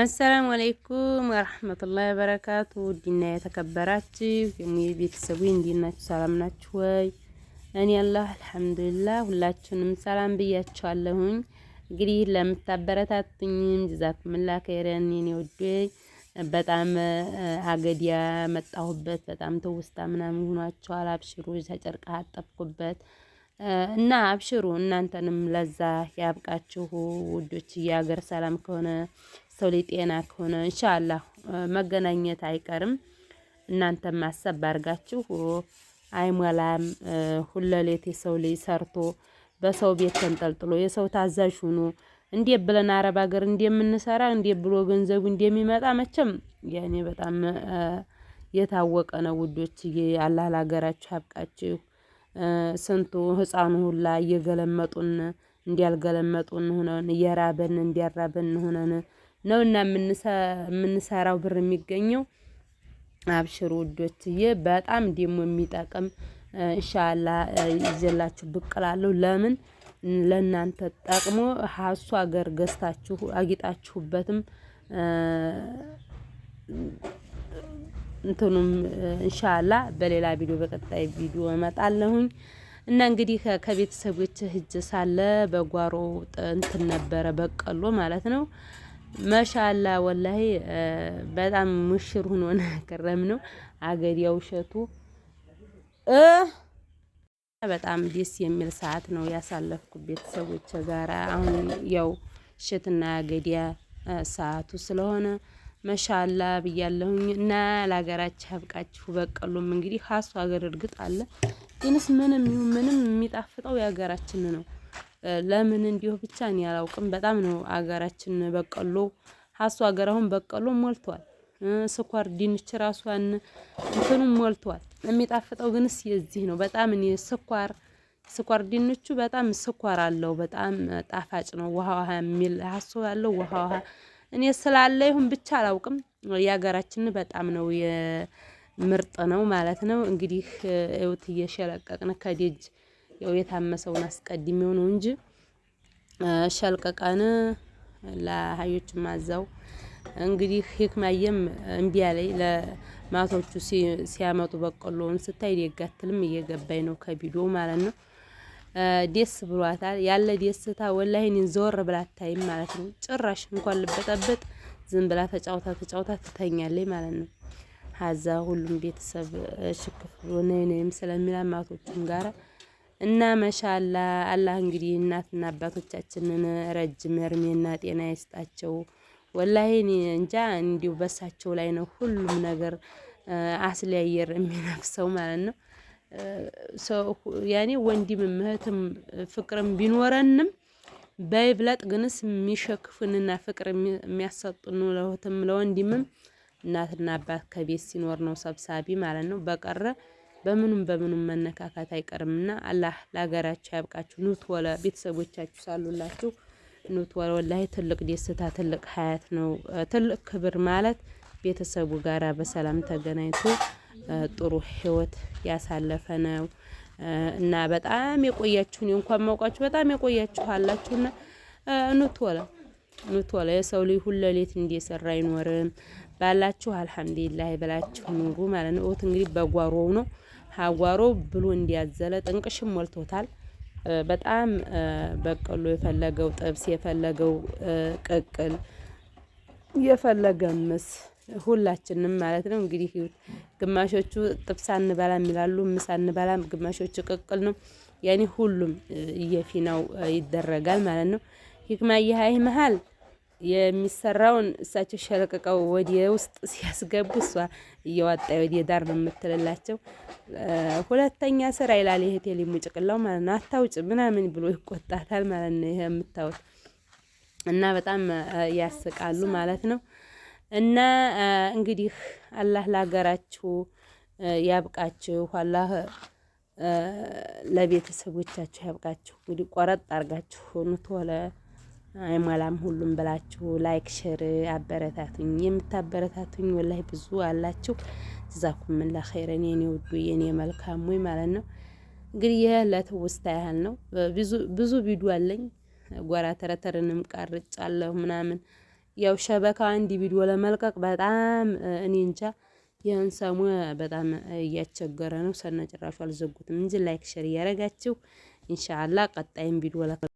አሰላሙ አለይኩም ወረህመቱላሂ ወበረካቱ ውድና የተከበራችሁ የቤተሰቡ እንዴት ናችሁ? ሰላም ናችሁ ወይ? እኔ አለሁ አልሐምዱሊላህ። ሁላችሁንም ሰላም ብያችኋለሁኝ። እንግዲህ ለምታበረታቱኝም ጀዛኩሙላህ ኸይረን የኔ ውዴ። በጣም ሀገዲያ መጣሁበት በጣም ትውስታ ምናምን ሆኗችኋል። አብሽሩ ተጨርቃ አጠብኩበት እና አብሽሩ እናንተንም ለዛ ያብቃችሁ ውዶች። የሀገር ሰላም ከሆነ ሰው ጤና ከሆነ ኢንሻአላህ መገናኘት አይቀርም። እናንተም አሰብ አድርጋችሁ አይሞላም። ሁለሌት የሰው ልጅ ሰርቶ በሰው ቤት ተንጠልጥሎ የሰው ታዛዥ ሁኖ እንዴ ብለን አረብ ሀገር እንደምንሰራ እንዴ ብሎ ገንዘቡ እንደሚመጣ መቼም ያኔ በጣም የታወቀ ነው ውዶች አላህ ለሀገራችሁ ያብቃችሁ። ስንቱ ህፃኑ ሁላ እየገለመጡን እንዲያልገለመጡን ሆነን እየራበን እንዲያራበን ሆነን እና የምንሰራው ብር የሚገኘው። አብሽሩ ውዶችዬ፣ በጣም ደግሞ የሚጠቅም ኢንሻአላ ይዘላችሁ ብቅ እላለሁ። ለምን ለእናንተ ጠቅሞ ሀሱ ሀገር ገዝታችሁ አጊጣችሁበትም እንትኑም እንሻላ በሌላ ቪዲዮ በቀጣይ ቪዲዮ እመጣለሁኝ እና እንግዲህ ከቤተሰቦች ህጅ ሳለ በጓሮ እንትን ነበረ በቀሎ ማለት ነው። መሻላ ወላሂ በጣም ሙሽር ሆኖ ከረም ነው አገዲያው እሸቱ እ በጣም ደስ የሚል ሰዓት ነው ያሳለፍኩ ቤተሰቦች ጋራ። አሁን ያው ሽትና አገዲያ ሰዓቱ ስለሆነ መሻላ ብያለሁኝ እና ለሀገራች ያብቃችሁ። በቀሎም እንግዲህ ሀሱ ሀገር እርግጥ አለ ግንስ ምንም ይሁን ምንም የሚጣፍጠው የሀገራችን ነው። ለምን እንዲሁ ብቻ እኔ አላውቅም። በጣም ነው ሀገራችን በቀሎ ሀሱ ሀገር አሁን በቀሎ ሞልቷል። ስኳር ድንች ራሱ ያን እንትኑ ሞልቷል። የሚጣፍጠው ግንስ የዚህ ነው። በጣም እኔ ስኳር ስኳር ድንቹ በጣም ስኳር አለው። በጣም ጣፋጭ ነው። ውሃ ውሃ የሚል ሀሱ ያለው ውሃ ውሃ እኔ ስላለ ይሁን ብቻ አላውቅም። የሀገራችን በጣም ነው ምርጥ ነው ማለት ነው። እንግዲህ እውት እየሸለቀቅን ከደጅ ያው የታመሰውን አስቀድሜው ነው እንጂ ሸልቀቀን ለሀዮች ማዛው እንግዲህ ህክማየም እንቢያ ላይ ለማቶቹ ሲያመጡ በቆሎውን ስታይ ደጋትልም እየገባኝ ነው ከቢዶ ማለት ነው። ደስ ብሏታል። ያለ ደስታ ወላሂ እኔን ዘወር ብላ አታይም ማለት ነው። ጭራሽ እንኳን ልበጠበጥ ዝም ብላ ተጫውታ ተጫውታ ትተኛለች ማለት ነው። ሀዛ ሁሉም ቤተሰብ ሽክፍ ወነኔም ስለሚል አማቶቹም ጋር እና መሻላ አላህ እንግዲህ እናትና አባቶቻችንን ረጅም እርሜና ጤና ይስጣቸው። ወላሂ እንጃ እንዲሁ በሳቸው ላይ ነው ሁሉም ነገር አስለያየር የሚነፍሰው ማለት ነው። ያኔ ወንድም እህትም ፍቅርም ቢኖረንም በይብለጥ ግንስ የሚሸክፉንና ፍቅር የሚያሰጡን ለእህትም ለወንድምም እናትና አባት ከቤት ሲኖር ነው ሰብሳቢ ማለት ነው። በቀረ በምኑም በምኑም መነካካት አይቀርምና አላህ ለሀገራችሁ ያብቃችሁ። ኑት ወለ ቤተሰቦቻችሁ ሳሉላችሁ ኑት ወለ ወላሂ ትልቅ ደስታ ትልቅ ሀያት ነው። ትልቅ ክብር ማለት ቤተሰቡ ጋራ በሰላም ተገናኝቶ ጥሩ ህይወት ያሳለፈ ነው እና በጣም የቆያችሁ እኔ እንኳን ማውቃችሁ በጣም የቆያችሁ አላችሁና ኑቶላ ኑቶላ የሰው ልጅ ሁሉ ሌት እንዲሰራ አይኖርም። ባላችሁ አልሐምዱሊላህ ብላችሁ ኑሩ ማለት ነው። ኦት እንግዲህ በጓሮው ነው ሀጓሮው ብሎ እንዲያዘለ ጥንቅሽም ሞልቶታል። በጣም በቀሎ የፈለገው ጥብስ የፈለገው ቅቅል የፈለገ ምስ ሁላችንም ማለት ነው እንግዲህ ግማሾቹ ጥብሳ አንበላም ይላሉ፣ ምሳ አንበላም፣ ግማሾቹ ቅቅል ነው። ያኔ ሁሉም የፊናው ይደረጋል ማለት ነው። ሂክማ ይሃይ መሀል የሚሰራውን እሳቸው ሸለቅቀው ወደ ውስጥ ሲያስገቡ እሷ እየዋጣ ወደ ዳር ነው የምትልላቸው። ሁለተኛ ስራ ይላል ይሄ ቴሌ ሙጭቅላው ማለት ነው። አታውጭ ምናምን ብሎ ይቆጣታል ማለት ነው። ይሄ የምታወት እና በጣም ያስቃሉ ማለት ነው። እና እንግዲህ አላህ ለሀገራችሁ ያብቃችሁ። አላህ ለቤተሰቦቻችሁ ያብቃችሁ። እንግዲህ ቆረጥ አርጋችሁ ሆኑት ወለ አይሟላም ሁሉም ብላችሁ ላይክ ሼር አበረታቱኝ። የምታበረታቱኝ ወላይ ብዙ አላችሁ። ዛኩም ላ ኸይረን የኔ ውዱ የኔ መልካሙ ማለት ነው። እንግዲህ ይህ ለትውስታ ያህል ነው። ብዙ ቪዲዮ አለኝ። ጎራ ተረተርንም ቀርጫለሁ ምናምን ያው ሸበካ አንድ ቪዲዮ ለመልቀቅ በጣም እኔ እንጃ ይህን ሰሙ በጣም እያቸገረ ነው። ሰነጭራሹ አልዘጉትም እንጂ ላይክ ሸር እያረጋችሁ ኢንሻአላህ ቀጣይም ቪዲዮ